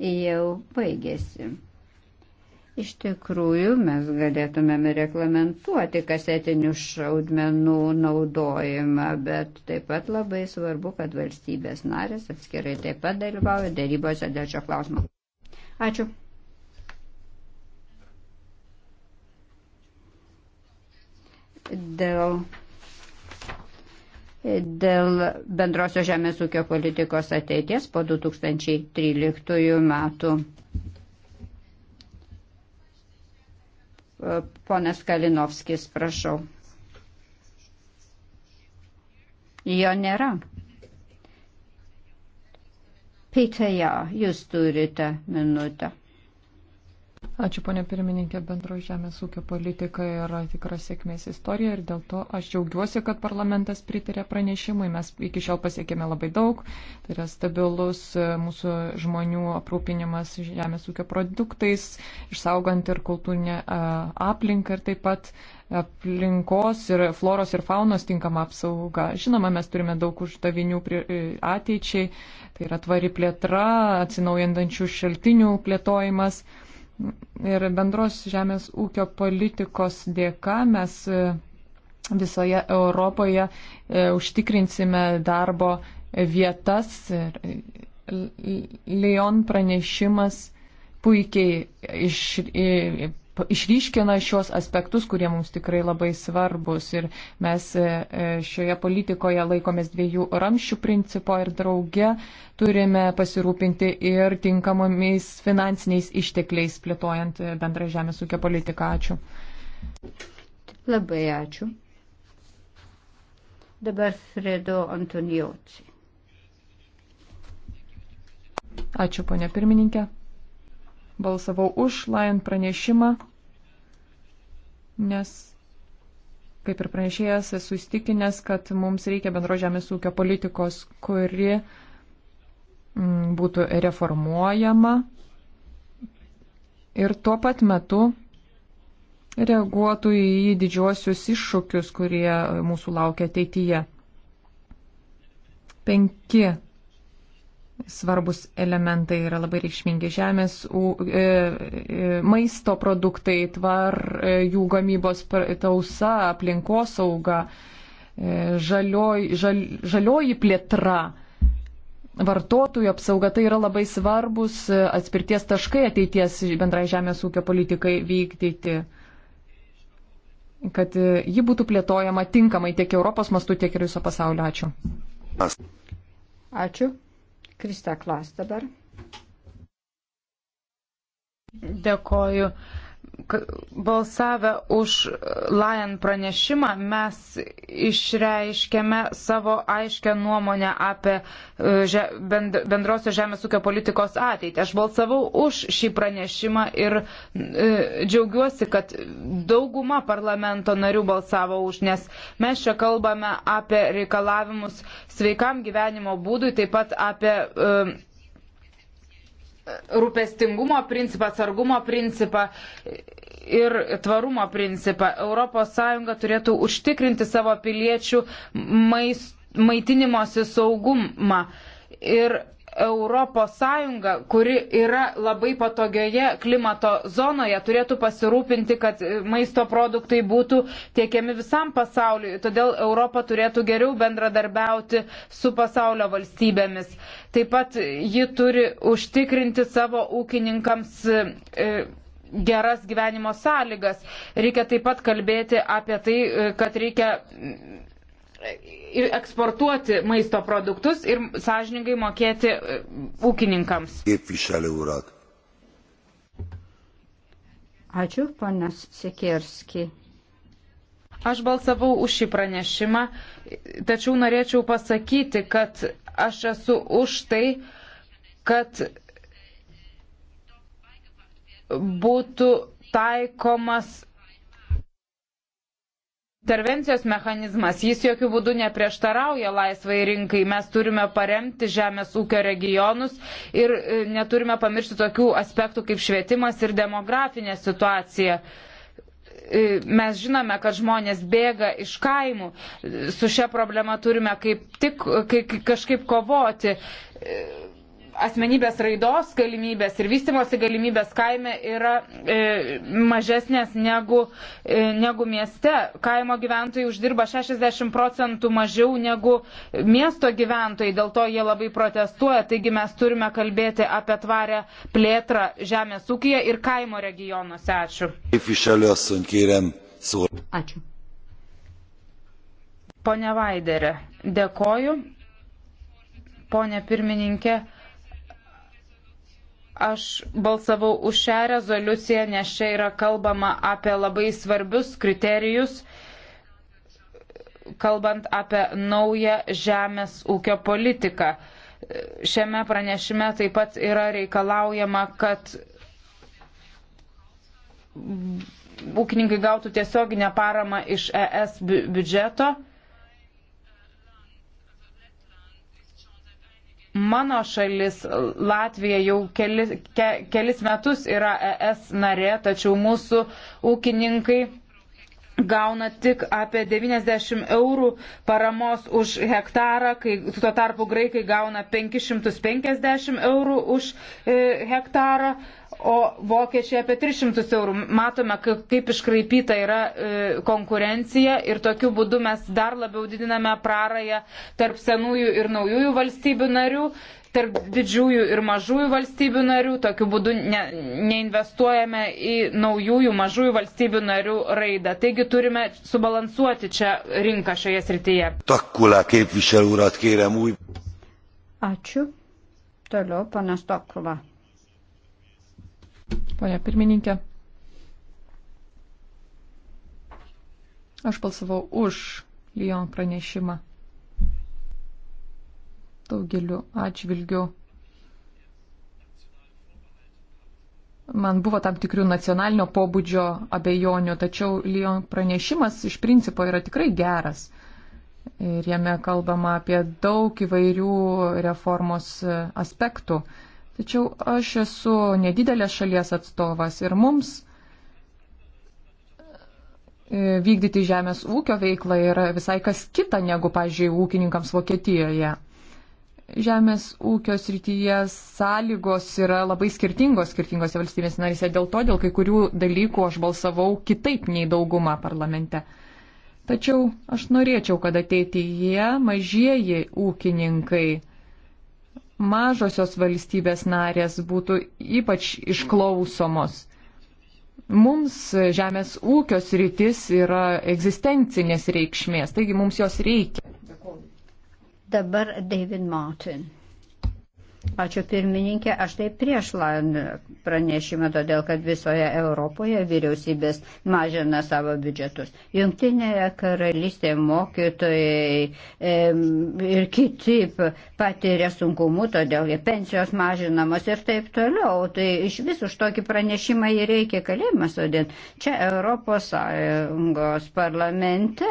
[SPEAKER 2] jau baigėsi. Iš tikrųjų, mes galėtumėme reglamentuoti kasetinių šaudmenų naudojimą, bet taip pat labai svarbu, kad valstybės narės atskirai taip pat dalyvauja dėrybose dėl šio klausimo. Ačiū. Dėl dėl bendrosios žemės ūkio politikos ateities po 2013 metų. Ponas Kalinovskis, prašau. Jo nėra. Pitėja, jūs turite minutę. Ačiū, ponė pirmininkė,
[SPEAKER 3] bendro žemės ūkio politika yra tikra sėkmės istorija ir dėl to aš džiaugiuosi, kad parlamentas pritarė pranešimui. Mes iki šiol pasiekėme labai daug, tai yra stabilus e, mūsų žmonių aprūpinimas žemės ūkio produktais, išsaugant ir kultūrinę e, aplinką ir taip pat aplinkos ir floros ir faunos tinkama apsauga. Žinoma, mes turime daug uždavinių e, ateičiai, tai yra tvari plėtra, atsinaujandančių šaltinių plėtojimas ir bendros žemės ūkio politikos dėka mes e, visoje Europoje e, užtikrinsime darbo vietas. E, Leon pranešimas puikiai iš, išryškina šios aspektus, kurie mums tikrai labai svarbus. Ir mes e, e, šioje politikoje laikomės dviejų ramščių principo ir drauge turime pasirūpinti ir tinkamomis finansiniais ištekliais plėtojant e, bendrą žemės ūkio
[SPEAKER 2] politiką. Ačiū. Labai ačiū. Dabar Fredo Antonijoci.
[SPEAKER 3] Ačiū, ponė pirmininkė
[SPEAKER 2] balsavau už
[SPEAKER 3] Lion pranešimą, nes, kaip ir pranešėjas, esu įstikinęs, kad mums reikia bendro žemės ūkio politikos, kuri mm, būtų reformuojama ir tuo pat metu reaguotų į didžiuosius iššūkius, kurie mūsų laukia ateityje. Penki svarbus elementai yra labai reikšmingi - žemės, u, e, e, maisto produktai, tvar, e, jų gamybos tausa, aplinkosauga, e, žalioj, žal, žalioji plėtra. Vartotojų apsauga tai yra labai svarbus e, atspirties taškai ateities bendrai žemės ūkio politikai vykdyti, kad e, ji būtų plėtojama tinkamai tiek Europos mastu, tiek ir viso pasaulio. Ačiū. Ačiū. Krista Klas
[SPEAKER 2] dabar.
[SPEAKER 4] Dėkoju balsavę už Lion pranešimą, mes išreiškėme savo aiškę nuomonę apie e, bendrosios žemės ūkio politikos ateitį. Aš balsavau už šį pranešimą ir e, džiaugiuosi, kad dauguma parlamento narių balsavo už, nes mes čia kalbame apie reikalavimus sveikam gyvenimo būdui, taip pat apie e, rūpestingumo principą, atsargumo principą ir tvarumo principą. ES turėtų užtikrinti savo piliečių maist, maitinimosi saugumą. Ir Europos Sąjunga, kuri yra labai patogioje klimato zonoje, turėtų pasirūpinti, kad maisto produktai būtų tiekiami visam pasauliu. Todėl Europa turėtų geriau bendradarbiauti su pasaulio valstybėmis. Taip pat ji turi užtikrinti savo ūkininkams e, geras gyvenimo sąlygas. Reikia taip pat kalbėti apie tai, e, kad reikia eksportuoti maisto produktus ir sąžiningai mokėti e, ūkininkams. Ačiū, panas Sikirski. Aš balsavau už šį pranešimą, tačiau norėčiau pasakyti, kad aš esu už tai, kad būtų taikomas intervencijos mechanizmas, jis jokių būdų neprieštarauja laisvai rinkai. Mes turime paremti žemės ūkio regionus ir e, neturime pamiršti tokių aspektų kaip švietimas ir demografinė situacija. E, mes žinome, kad žmonės bėga iš kaimų. E, su šia problema turime kaip tik kaip, kažkaip kovoti asmenybės raidos galimybės ir vystimosi galimybės kaime yra e, mažesnės negu, e, negu mieste. Kaimo gyventojai uždirba 60 procentų mažiau negu miesto gyventojai, dėl to jie labai protestuoja. Taigi mes turime kalbėti apie tvarę plėtrą žemės ūkiją ir kaimo regionuose. Ačiū. Ačiū. Pone Vaiderė, dėkoju. Pone pirmininkė, Aš balsavau už šią rezoliuciją, nes čia yra kalbama apie labai svarbius kriterijus, kalbant apie naują žemės ūkio politiką. Šiame pranešime taip pat yra reikalaujama, kad ūkininkai gautų tiesioginę paramą iš ES biudžeto. Mano šalis Latvija jau kelis, ke, kelis metus yra ES narė, tačiau mūsų ūkininkai gauna tik apie 90 eurų paramos už hektarą, kai tuo tarpu graikai gauna 550 eurų už e, hektarą o vokiečiai apie 300 eurų. Matome, kaip iškraipyta yra e, konkurencija ir tokiu būdu mes dar labiau didiname prarąją tarp senųjų ir naujųjų valstybių narių tarp didžiųjų ir mažųjų valstybių narių, tokiu būdu ne, neinvestuojame į naujųjų mažųjų valstybių narių raidą. Taigi turime subalansuoti čia rinką šioje srityje.
[SPEAKER 1] Takula, kaip višel urat kėrėm, ui.
[SPEAKER 2] Ačiū. Toliau, panas Takula. Pone pirmininkė,
[SPEAKER 3] aš balsavau už Lyon pranešimą. Daugeliu atžvilgiu. Man buvo tam tikrių nacionalinio pobūdžio abejonių, tačiau Lyon pranešimas iš principo yra tikrai geras. Ir jame kalbama apie daug įvairių reformos aspektų. Tačiau aš esu nedidelės šalies atstovas ir mums e, vykdyti žemės ūkio veiklą yra visai kas kita negu, pažiūrėjau, ūkininkams Vokietijoje. Žemės ūkio srityje sąlygos yra labai skirtingos skirtingose valstybės narėse, dėl to dėl kai kurių dalykų aš balsavau kitaip nei dauguma parlamente. Tačiau aš norėčiau, kad ateityje mažieji ūkininkai mažosios valstybės narės būtų ypač išklausomos. Mums žemės ūkio sritis yra egzistencinės reikšmės, taigi mums jos reikia.
[SPEAKER 2] Dabar David Martin. Ačiū pirmininkė, aš tai prieš pranešimą, todėl kad visoje Europoje vyriausybės mažina savo biudžetus. Jungtinėje karalystėje mokytojai e, ir kiti patiria sunkumų, todėl jie pensijos mažinamos ir taip toliau. Tai iš vis už tokį pranešimą jį reikia kalėjimą sodinti. Čia Europos Sąjungos parlamente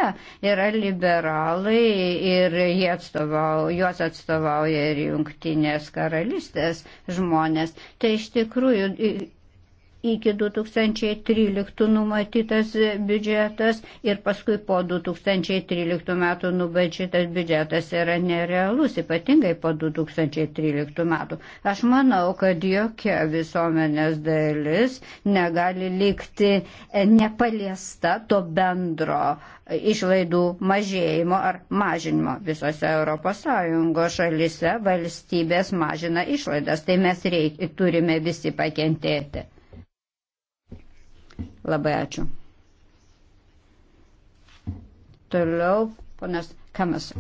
[SPEAKER 2] yra liberalai ir atstovau, juos atstovauja ir jungtinės karalystės karalystės žmonės. Tai iš tikrųjų iki 2013 numatytas biudžetas ir paskui po 2013 metų nubačytas biudžetas yra nerealus, ypatingai po 2013 metų. Aš manau, kad jokia visuomenės dalis negali likti e, nepaliesta to bendro išlaidų mažėjimo ar mažinimo. Visose ES šalise valstybės mažina išlaidas, tai mes reik, turime visi pakentėti. Labai ačiū. Toliau, ponas Kamas.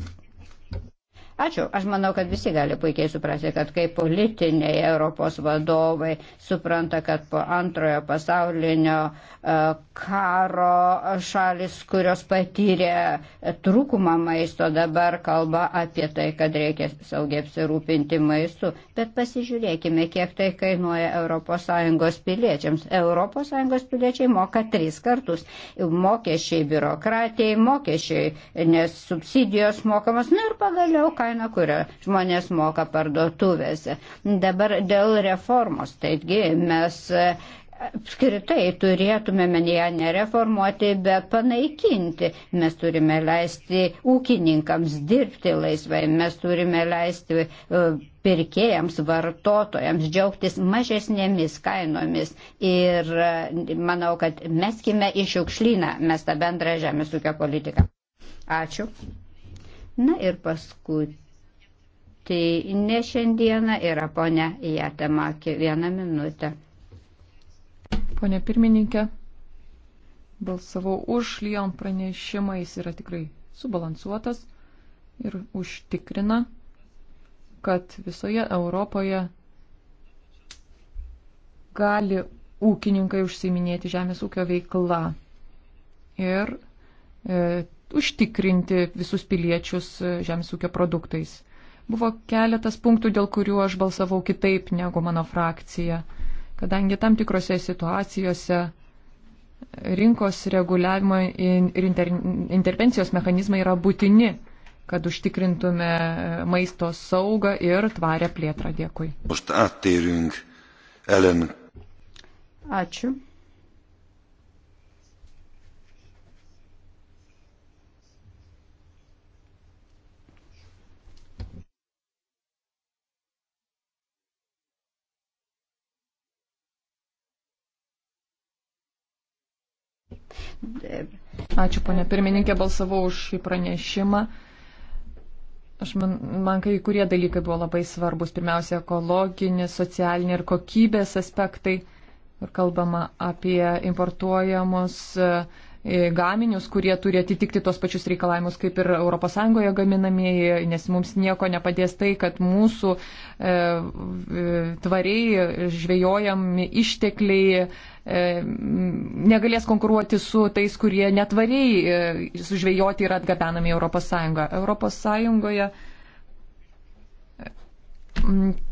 [SPEAKER 2] Ačiū. Aš manau, kad visi gali puikiai suprasti, kad kai politiniai Europos vadovai supranta, kad po antrojo pasaulinio e, karo šalis, kurios patyrė e, trūkumą maisto, dabar kalba apie tai, kad reikia saugiai apsirūpinti maistu. Bet pasižiūrėkime, kiek tai kainuoja ES piliečiams. ES piliečiai moka tris kartus. Mokesčiai biurokratijai, mokesčiai, nes subsidijos mokamos. Na ir pagaliau, ką kaina, kurią žmonės moka parduotuvėse. Dabar dėl reformos, taigi mes apskritai turėtumėme ją nereformuoti, bet panaikinti. Mes turime leisti ūkininkams dirbti laisvai, mes turime leisti e, pirkėjams, vartotojams džiaugtis mažesnėmis kainomis. Ir e, manau, kad meskime į šiukšlyną mes tą bendrą žemės ūkio politiką. Ačiū. Na ir paskutinė šiandieną yra ponia Jatemakė. Vieną minutę. Pone pirmininkė,
[SPEAKER 3] balsavau už Lyon pranešimą, jis yra tikrai subalansuotas ir užtikrina, kad visoje Europoje gali ūkininkai užsiminėti žemės ūkio veikla ir e, užtikrinti visus piliečius e, žemės ūkio produktais. Buvo keletas punktų, dėl kurių aš balsavau kitaip negu mano frakcija, kadangi tam tikrose situacijose rinkos reguliavimo ir inter, intervencijos mechanizmai yra būtini, kad užtikrintume e, maisto saugą ir tvarę plėtrą. Dėkui. Ačiū. Ačiū, ponė pirmininkė, balsavau už šį pranešimą. Aš man, man kai kurie dalykai buvo labai svarbus. Pirmiausia, ekologinis, socialiniai ir kokybės aspektai. Ir kalbama apie importuojamus uh, gaminius, kurie turi atitikti tos pačius reikalavimus kaip ir ES gaminamieji, nes mums nieko nepadės tai, kad mūsų e, tvariai žvejojami ištekliai e, negalės konkuruoti su tais, kurie netvariai e, sužvejoti yra atgabenami ES. ES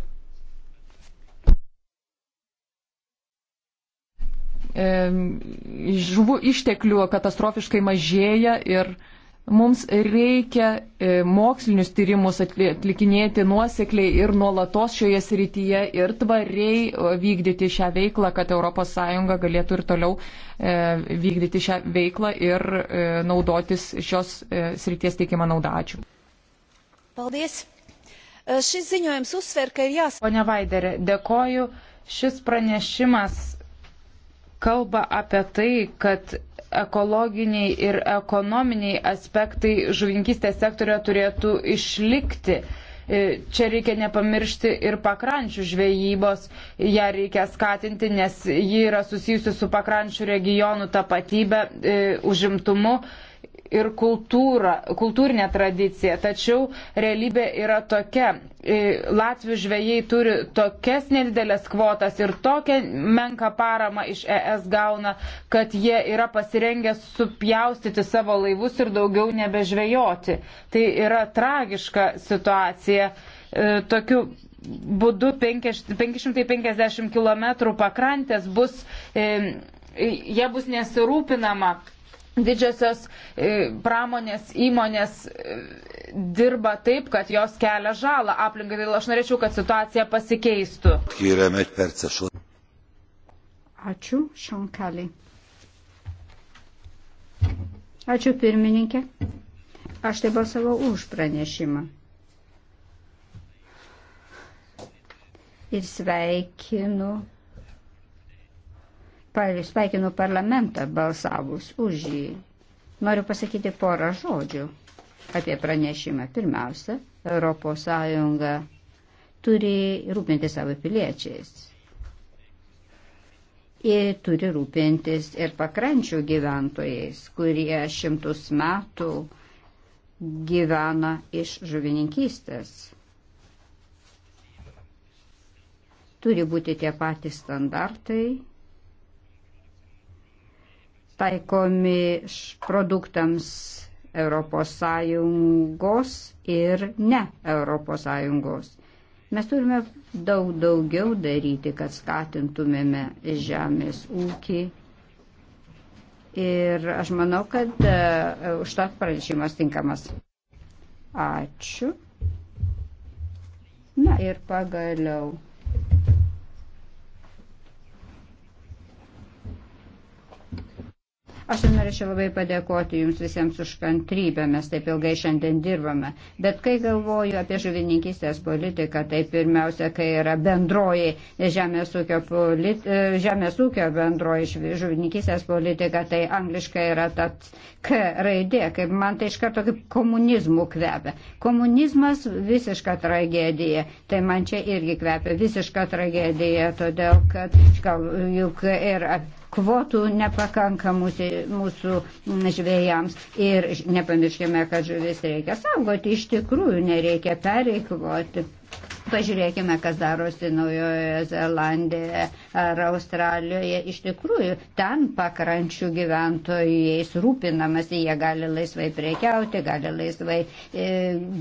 [SPEAKER 3] žuvų išteklių katastrofiškai mažėja ir mums reikia e, mokslinius tyrimus atlikinėti nuosekliai ir nuolatos šioje srityje ir tvariai vykdyti šią veiklą, kad ES galėtų ir toliau e, vykdyti šią veiklą ir e, naudotis šios srities teikiamą naudą. Ačiū.
[SPEAKER 4] Paldies. Šis ziņojums uzsver, ka ir jās. Pone Vaiderė, dėkoju. Šis pranešimas kalba apie tai, kad ekologiniai ir ekonominiai aspektai žuvininkystės sektorio turėtų išlikti. E, Čia reikia nepamiršti ir pakrančių žvejybos, ją reikia skatinti, nes ji yra susijusi su pakrančių regionų tapatybė, e, užimtumu. E, ir kultūra, kultūrinė tradicija. Tačiau realybė yra tokia. E, Latvių žvėjai turi tokias nedidelės kvotas ir tokią menką paramą iš ES gauna, kad jie yra pasirengę supjaustyti savo laivus ir daugiau nebežvėjoti. Tai yra tragiška situacija. E, tokiu būdu 550 km pakrantės bus, e, jie bus nesirūpinama didžiosios e, pramonės įmonės e, dirba taip, kad jos kelia žalą aplinkai. Tai aš norėčiau, kad situacija pasikeistų.
[SPEAKER 2] Ačiū, Šonkeliai. Ačiū, pirmininkė. Aš tai balsavau už pranešimą. Ir sveikinu sveikinu parlamentą balsavus už jį. Noriu pasakyti porą žodžių apie pranešimą. Pirmiausia, ES turi rūpinti savo piliečiais. Ir turi rūpintis ir pakrančių gyventojais, kurie šimtus metų gyvena iš žuvininkystės. Turi būti tie patys standartai taikomi produktams ES ir ne ES. Mes turime daug daugiau daryti, kad skatintumėme žemės ūkį. Ir aš manau, kad uh, e, užtat pranešimas tinkamas. Ačiū. Na ir pagaliau. Aš ir norėčiau labai padėkoti Jums visiems už kantrybę, mes taip ilgai šiandien dirbame. Bet kai galvoju apie žuvininkystės politiką, tai pirmiausia, kai yra bendroji žemės ūkio, politi, e, žemės ūkio bendroji žuvininkystės politika, tai angliškai yra ta K raidė, kaip man tai iš karto kaip komunizmų kvepia. Komunizmas visiška tragedija, tai man čia irgi kvepia visiška tragedija, todėl kad gal, juk ir kvotų nepakanka mūsų, mūsų žvėjams ir nepamirškime, kad žuvis reikia saugoti, iš tikrųjų nereikia pereikvoti. Pažiūrėkime, kas darosi Naujojoje Zelandijoje ar Australijoje. Iš tikrųjų, ten pakrančių gyventojais rūpinamasi, jie gali laisvai priekiauti, gali laisvai e,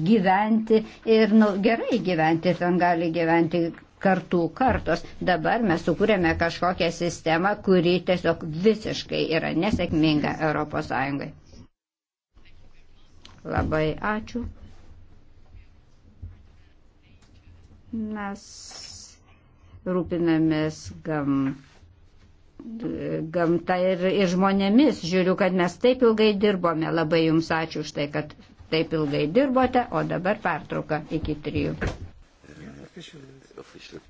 [SPEAKER 2] gyventi ir nu, gerai gyventi, ten gali gyventi kartų kartos. Dabar mes sukūrėme kažkokią sistemą, kuri tiesiog visiškai yra nesėkminga ES. Labai ačiū. Mes rūpinamės gamtą gamta ir, ir žmonėmis. Žiūriu, kad mes taip ilgai dirbome. Labai jums ačiū už tai, kad taip ilgai dirbote, o dabar pertrauka iki trijų
[SPEAKER 5] official.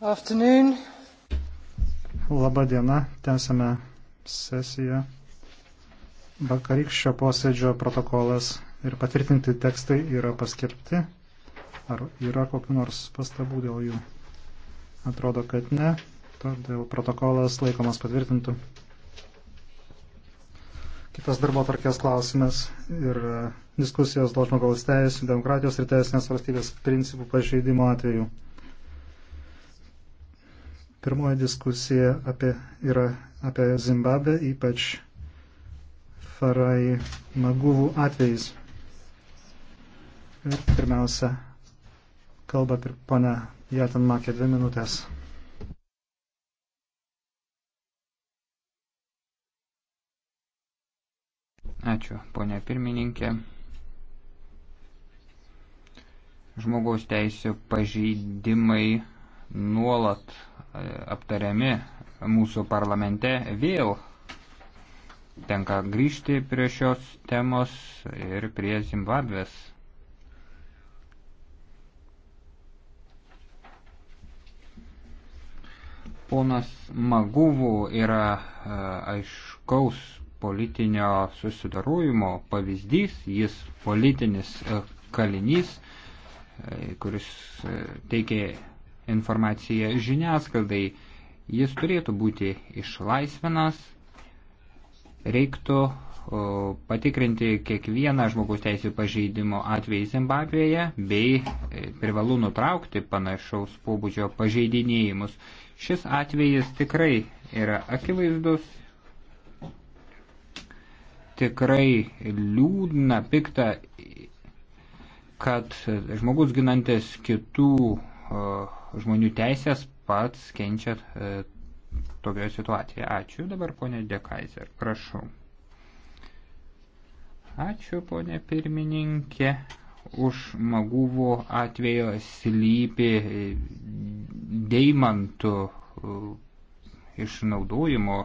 [SPEAKER 6] Afternoon. Labą dieną, tęsame sesiją. Vakarykščio posėdžio protokolas ir patvirtinti tekstai yra paskelbti. Ar yra kokiu nors pastabų dėl jų? Atrodo, kad ne. Todėl protokolas laikomas patvirtintų. Kitas darbo tarkės klausimas ir diskusijos dėl žmogaus teisų, demokratijos ir teisinės valstybės principų pažeidimo atveju. Pirmoji diskusija apie, yra apie Zimbabvę, ypač Farai Maguvų atvejais. Ir pirmiausia, kalba ir ponia Jatan Makė dvi minutės. Ačiū, ponia pirmininkė. Žmogaus teisų pažeidimai nuolat aptariami mūsų parlamente, vėl tenka grįžti prie šios temos ir prie Zimbabvės. Ponas Maguvų yra e, aiškaus politinio susidarojimo pavyzdys, jis politinis e, kalinys, e, kuris teikia informaciją žiniasklaidai. Jis turėtų būti išlaisvinas, reiktų patikrinti kiekvieną žmogaus teisų pažeidimo atvejį Zimbabvėje bei e, privalu nutraukti panašaus pobūdžio pažeidinėjimus. Šis atvejis tikrai yra akivaizdus, tikrai liūdna, pikta, kad žmogus ginantis kitų uh, žmonių teisės pats kenčia e, tokioje situacijoje. Ačiū dabar, ponė Dekaiser, prašau. Ačiū, ponė pirmininkė. Už maguvų atvejo slypi e, deimantų e, išnaudojimo